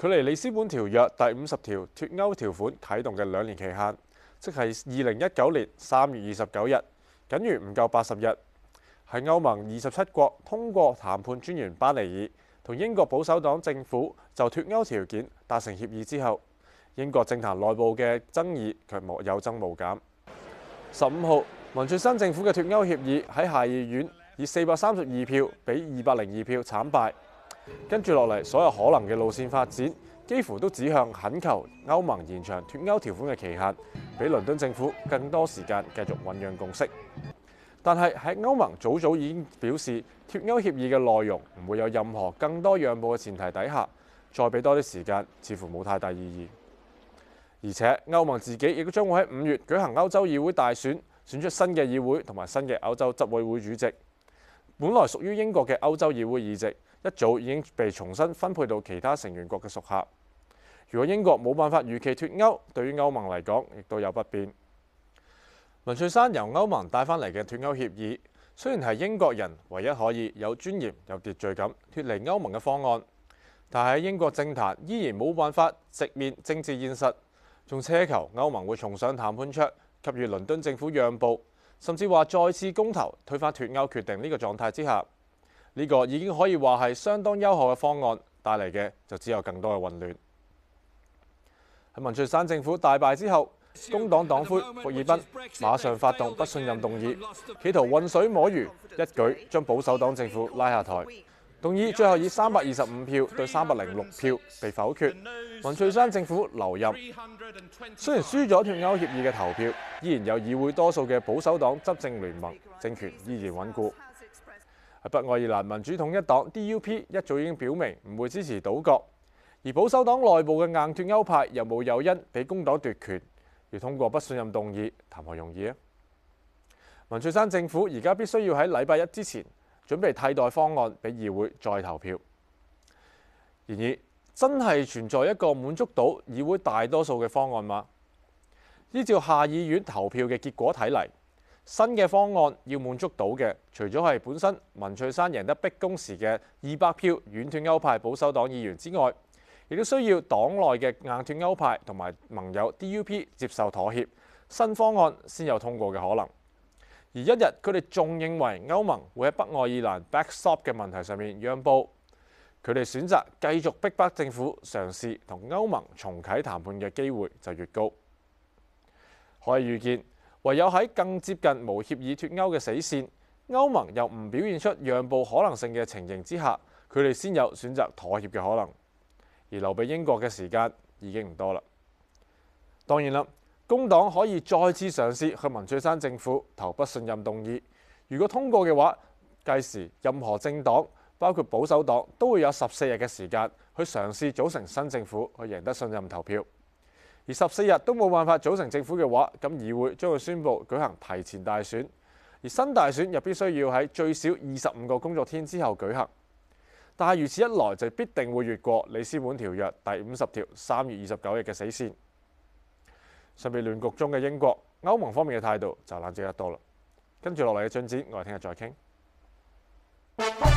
距離里斯本條約第五十條脱歐條款啟動嘅兩年期限，即係二零一九年三月二十九日，僅餘唔夠八十日。喺歐盟二十七國通過談判專員巴尼爾同英國保守黨政府就脱歐條件達成協議之後，英國政壇內部嘅爭議卻無有增無減。十五號文翠珊政府嘅脱歐協議喺下議院以四百三十二票比二百零二票慘敗。跟住落嚟，所有可能嘅路線發展，幾乎都指向懇求歐盟延長脱歐條款嘅期限，俾倫敦政府更多時間繼續醖釀共識。但係喺歐盟早早已經表示脱歐協議嘅內容唔會有任何更多讓步嘅前提底下，再俾多啲時間，似乎冇太大意義。而且歐盟自己亦都將會喺五月舉行歐洲議會大選，選出新嘅議會同埋新嘅歐洲執委會主席。本來屬於英國嘅歐洲議會議席，一早已經被重新分配到其他成員國嘅屬下。如果英國冇辦法如期脫歐，對於歐盟嚟講亦都有不便。文翠珊由歐盟帶返嚟嘅脫歐協議，雖然係英國人唯一可以有尊嚴、有秩序噉脱離歐盟嘅方案，但係英國政壇依然冇辦法直面政治現實，仲奢求歐盟會重上談判桌，給予倫敦政府讓步。甚至話再次公投推翻脱歐決定，呢個狀態之下，呢、這個已經可以話係相當優厚嘅方案，帶嚟嘅就只有更多嘅混亂。喺文翠珊政府大敗之後，工黨黨魁霍爾賓馬上發動不信任動議，企圖混水摸魚，一舉將保守黨政府拉下台。動議最後以三百二十五票對三百零六票被否決。文翠山政府留任，雖然輸咗脱歐協議嘅投票，依然有議會多數嘅保守黨執政聯盟政權依然穩固。喺北愛爾蘭民主統一黨 DUP 一早已經表明唔會支持倒閣，而保守黨內部嘅硬脱歐派又冇誘因俾工黨奪權，要通過不信任動議，談何容易啊？文翠山政府而家必須要喺禮拜一之前準備替代方案俾議會再投票。然而，真係存在一個滿足到議會大多數嘅方案嗎？依照下議院投票嘅結果睇嚟，新嘅方案要滿足到嘅，除咗係本身文翠山贏得逼宮時嘅二百票軟脫歐派保守黨議員之外，亦都需要黨內嘅硬脫歐派同埋盟友 DUP 接受妥協，新方案先有通過嘅可能。而一日佢哋仲認為歐盟會喺北愛爾蘭 backstop 嘅問題上面讓步，佢哋選擇繼續逼迫政府嘗試同歐盟重啟談判嘅機會就越高。可以預見，唯有喺更接近無協議脫歐嘅死線，歐盟又唔表現出讓步可能性嘅情形之下，佢哋先有選擇妥協嘅可能。而留俾英國嘅時間已經唔多啦。當然啦。工黨可以再次嘗試去文翠珊政府投不信任動議。如果通過嘅話，屆時任何政黨，包括保守黨，都會有十四日嘅時間去嘗試組成新政府去贏得信任投票。而十四日都冇辦法組成政府嘅話，咁議會將會宣布舉行提前大選。而新大選又必須要喺最少二十五個工作天之後舉行。但如此一來就必定會越過《李斯本條約》第五十條三月二十九日嘅死線。順便亂局中嘅英國，歐盟方面嘅態度就冷靜得多啦。跟住落嚟嘅進展，我哋聽日再傾。